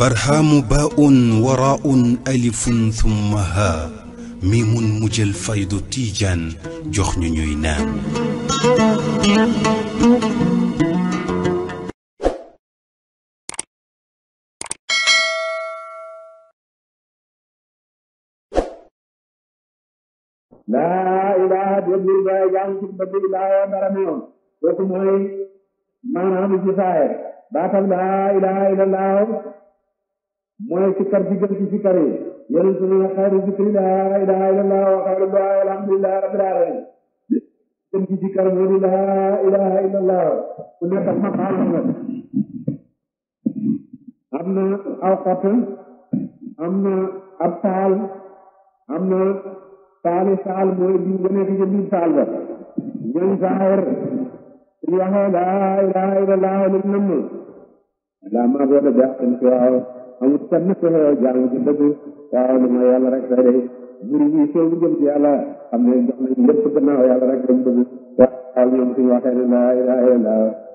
barhaamu baaun waraaun alifun thumma haa mi mun mujjal faydu tiijaan jox ñu ñuy naan. laa ilaaha déedéet ba yàlla ci bëgg laa yor dara mi yoon kooku mooy maanaam ci saa yër baatal laa ilaaha illallah mooy sikkar si gën ci sikkar yi yéen su ne xayru zikri laa ilaaha illallah wa xayru duaa alhamdulillahi rabbil alamin gën ci sikkar moo di laa ilaaha illallah ku nekk ak maqaama la am na aw xat am na ab taal am na taali saal mooy bi nga nekk ci biir saal ba ñoom saar waxee laa ilaaha illallah lañ namm laa maa boole baax amut kenn ku xëyoo jaamu ci dëgg waaw li mooy yàlla rek day day buri ñuy soo bu jëm ci yàlla xam ne jox nañ lépp gannaaw yàlla rek lañ bëgg waaw ñoom suñu waxee ne laa ilaha illa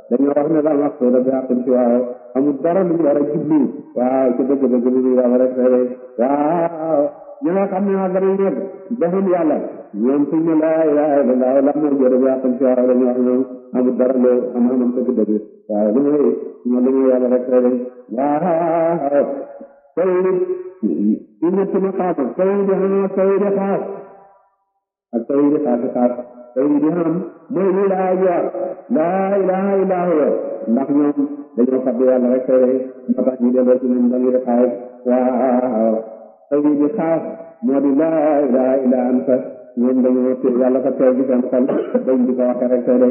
dañoo wax ne daal maxsuuda bi àqin ci waaw amul dara lu ñu war a jublu waaw ci dëgg dëgg lu dul yàlla rek day day waaw ñi nga xam ne ma gën a ñor deful yàlla ñoom suñu ne laa ilaha illa la moo jëre bi àqin ci waaw dañu wax ñoom amu dar lo amu nam tak dadi tadi ni ni ni ya la rek rek ya ha tayi ini tu ma kaat tayi di ha ma tayi di ha at tayi di ha ka kaat tayi di ha mo ni la ya la la la ho nak ni de ni ka biya la rek rek ma ba ni de lo ni ndang ni ka ya ha tayi di ha mo ni la la la anta يندقوا بينك وحركته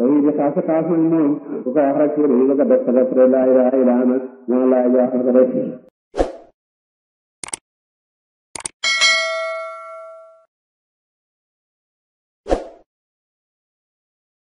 وإذا كاس كاس الموت وكاحرك يريد قد سبت لا إله إلا أنت ما لا إله إلا أنت